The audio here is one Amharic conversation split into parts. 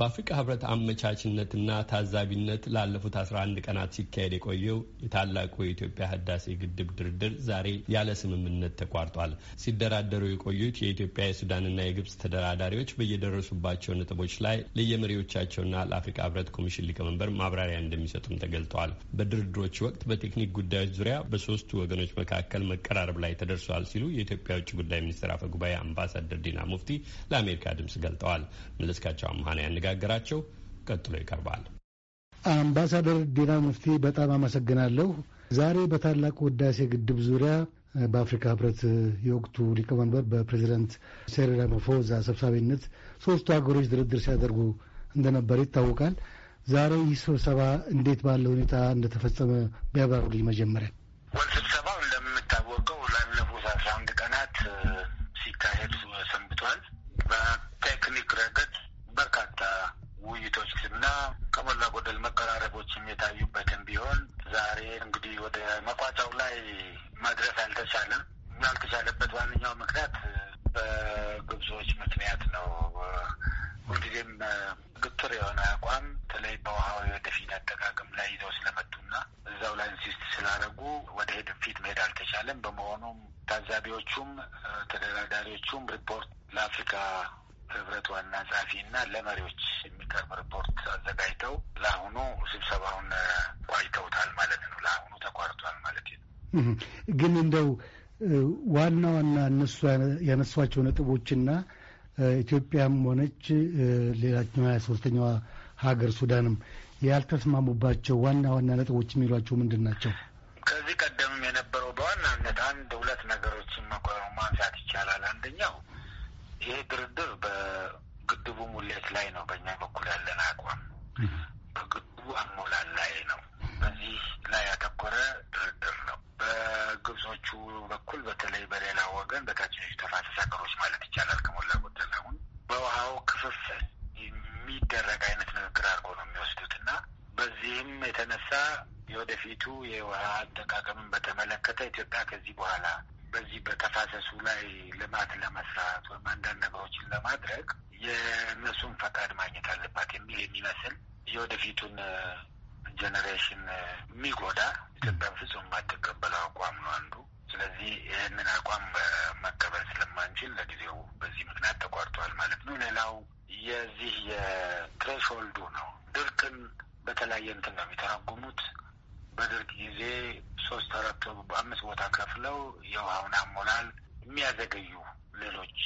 በአፍሪካ ህብረት አመቻችነትና ታዛቢነት ላለፉት 11 ቀናት ሲካሄድ የቆየው የታላቁ የኢትዮጵያ ህዳሴ ግድብ ድርድር ዛሬ ያለ ስምምነት ተቋርጧል። ሲደራደሩ የቆዩት የኢትዮጵያ የሱዳንና የግብጽ ተደራዳሪዎች በየደረሱባቸው ነጥቦች ላይ ለየመሪዎቻቸውና ለአፍሪካ ህብረት ኮሚሽን ሊቀመንበር ማብራሪያ እንደሚሰጡም ተገልጠዋል። በድርድሮች ወቅት በቴክኒክ ጉዳዮች ዙሪያ በሶስቱ ወገኖች መካከል መቀራረብ ላይ ተደርሷል ሲሉ የኢትዮጵያ ውጭ ጉዳይ ሚኒስትር አፈ ጉባኤ አምባሳደር ዲና ሙፍቲ ለአሜሪካ ድምጽ ገልጠዋል። መለስካቸው አምሃ ነው ያነጋገራቸው ቀጥሎ ይቀርባል። አምባሳደር ዲና ሙፍቲ በጣም አመሰግናለሁ። ዛሬ በታላቁ ህዳሴ ግድብ ዙሪያ በአፍሪካ ህብረት የወቅቱ ሊቀመንበር በፕሬዚደንት ሲሪል ራማፎዛ ሰብሳቢነት ሶስቱ ሀገሮች ድርድር ሲያደርጉ እንደነበር ይታወቃል። ዛሬ ይህ ስብሰባ እንዴት ባለ ሁኔታ እንደተፈጸመ ቢያብራሩልኝ መጀመሪያ። ወል ስብሰባው እንደምታወቀው የታዩበትም ቢሆን ዛሬ እንግዲህ ወደ መቋጫው ላይ መድረስ አልተቻለም። ያልተቻለበት ዋነኛው ምክንያት በግብጾች ምክንያት ነው። ሁልጊዜም ግትር የሆነ አቋም በተለይ በውሃ ወደፊት አጠቃቀም ላይ ይዘው ስለመጡና እዛው ላይ ኢንሲስት ስላደረጉ ወደ ሄድ ፊት መሄድ አልተቻለም። በመሆኑም ታዛቢዎቹም ተደራዳሪዎቹም ሪፖርት ለአፍሪካ ህብረት ዋና ጸሐፊ እና ለመሪዎች የሚቀርብ ሪፖርት አዘ ስብሰባውን ዋጅተውታል ማለት ነው። ለአሁኑ ተቋርጧል ማለት ነው። ግን እንደው ዋና ዋና እነሱ ያነሷቸው ነጥቦችና ኢትዮጵያም ሆነች ሌላኛው ሀያ ሶስተኛዋ ሀገር ሱዳንም ያልተስማሙባቸው ዋና ዋና ነጥቦች የሚሏቸው ምንድን ናቸው? ከዚህ ቀደምም የነበረው በዋናነት አንድ ሁለት ነገሮችን ማንሳት ይቻላል። አንደኛው ይሄ ድርድር በግድቡ ሙሌት ላይ ነው በእኛ በኩል ተፋሰስ ሀገሮች ማለት ይቻላል ከሞላ ጎደል አሁን በውሃው ክፍፍ የሚደረግ አይነት ንግግር አድርጎ ነው የሚወስዱት እና በዚህም የተነሳ የወደፊቱ የውሃ አጠቃቀምን በተመለከተ ኢትዮጵያ ከዚህ በኋላ በዚህ በተፋሰሱ ላይ ልማት ለመስራት ወይም አንዳንድ ነገሮችን ለማድረግ የእነሱን ፈቃድ ማግኘት አለባት የሚል የሚመስል የወደፊቱን ጀኔሬሽን የሚጎዳ ኢትዮጵያን ፍጹም የማትቀበለው አቋም ነው አንዱ። ስለዚህ ይህንን አቋም ሲል ለጊዜው በዚህ ምክንያት ተቋርጧል ማለት ነው። ሌላው የዚህ የትሬሽሆልዱ ነው። ድርቅን በተለያየ እንትን ነው የሚተረጉሙት። በድርቅ ጊዜ ሶስት አራት አምስት ቦታ ከፍለው የውሃውን አሞላል የሚያዘገዩ ሌሎች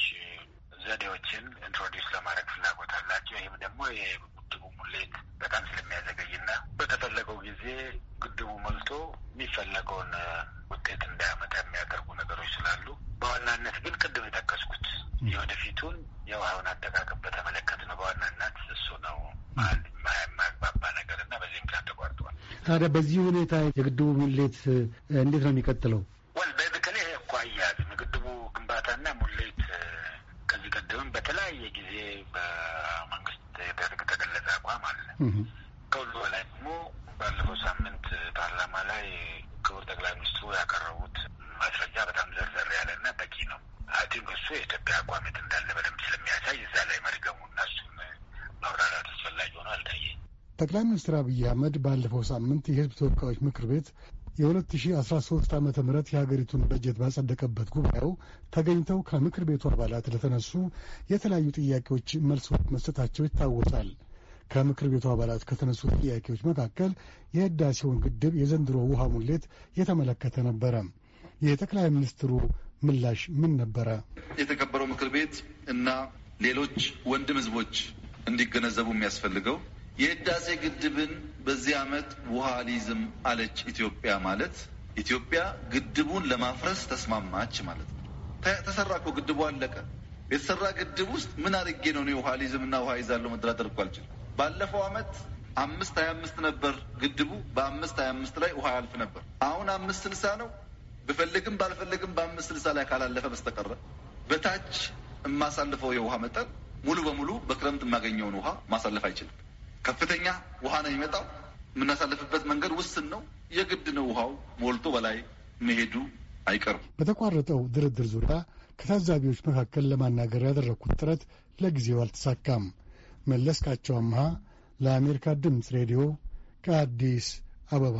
ዘዴዎችን ኢንትሮዲውስ ለማድረግ ፍላጎት አላቸው። ይህም ደግሞ የግድቡ ሙሌት በጣም ስለሚያዘገይና በተፈለገው ጊዜ ግድቡ ሞልቶ የሚፈለገውን ውጤት እንዳያመጣ የሚያደርጉ የወደፊቱን የውሃውን አጠቃቀም በተመለከት ነው። በዋናነት እሱ ነው የማያግባባ ነገር እና በዚህ ምክንያት ተቋርጠዋል። ታዲያ በዚህ ሁኔታ የግድቡ ሙሌት እንዴት ነው የሚቀጥለው? ወል በተለይ እኮ አያያዝ የግድቡ ግንባታና ሙሌት ከዚህ ቀደምም በተለያየ ጊዜ በመንግስት ደርግ ተገለጸ አቋም አለ። ከሁሉ በላይ ደግሞ ባለፈው ሳምንት ፓርላማ ላይ ክቡር ጠቅላይ ሚኒስትሩ ያቀረቡት አቋሜት እንዳለ በደንብ ስለሚያሳይ እዛ ላይ መድገሙ እና እሱም ማብራራት አስፈላጊ ሆኖ አልታየ። ጠቅላይ ሚኒስትር አብይ አህመድ ባለፈው ሳምንት የህዝብ ተወካዮች ምክር ቤት የ2013 ዓ ም የሀገሪቱን በጀት ባጸደቀበት ጉባኤው ተገኝተው ከምክር ቤቱ አባላት ለተነሱ የተለያዩ ጥያቄዎች መልሶች መስጠታቸው ይታወሳል። ከምክር ቤቱ አባላት ከተነሱ ጥያቄዎች መካከል የህዳሴውን ግድብ የዘንድሮ ውሃ ሙሌት የተመለከተ ነበረ። የጠቅላይ ሚኒስትሩ ምላሽ ምን ነበረ? የተከበረው ምክር ቤት እና ሌሎች ወንድም ህዝቦች እንዲገነዘቡ የሚያስፈልገው የህዳሴ ግድብን በዚህ ዓመት ውሃ ሊዝም አለች ኢትዮጵያ ማለት ኢትዮጵያ ግድቡን ለማፍረስ ተስማማች ማለት ነው። ተሰራ እኮ ግድቡ አለቀ። የተሰራ ግድብ ውስጥ ምን አድርጌ ነው እኔ ውሃ ሊዝም እና ውሃ ይዛለሁ መደራደር እኮ አልችልም። ባለፈው ዓመት አምስት ሀያ አምስት ነበር ግድቡ። በአምስት ሀያ አምስት ላይ ውሃ ያልፍ ነበር። አሁን አምስት ስልሳ ነው። ብፈልግም ባልፈልግም በአምስት ስልሳ ላይ ካላለፈ በስተቀረ በታች የማሳልፈው የውሃ መጠን ሙሉ በሙሉ በክረምት የማገኘውን ውሃ ማሳለፍ አይችልም። ከፍተኛ ውሃ ነው የሚመጣው። የምናሳልፍበት መንገድ ውስን ነው። የግድ ነው ውሃው ሞልቶ በላይ መሄዱ አይቀርም። በተቋረጠው ድርድር ዙሪያ ከታዛቢዎች መካከል ለማናገር ያደረግኩት ጥረት ለጊዜው አልተሳካም። መለስካቸው አምሃ ለአሜሪካ ድምፅ ሬዲዮ ከአዲስ አበባ